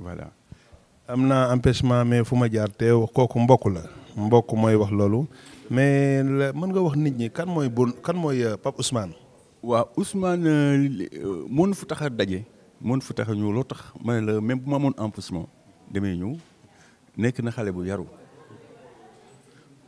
voilà am naa empêchement mais fu ma jaar te kooku mbokk la mbokk mooy wax loolu mais mën nga wax nit ñi kan mooy bon kan mooy euh, Pape Ousmane. waaw usmaan euh, mën fu tax a daje mën fu tax a ñëw loo tax ma ne la même bu ma amoon empêchement demee ñëw nekk na xale bu yaru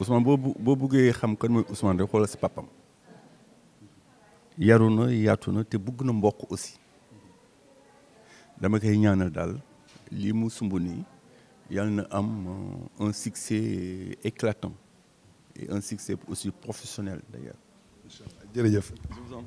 Ousmane boo boo buggee xam kan mooy Ousmane rek xoolal si papam yaru na yaatu na te bugg na mbokk aussi dama koy ñaanal daal. lii il il y un succès éclatant et un succès aussi professionnel d'ailleurs. Je vous en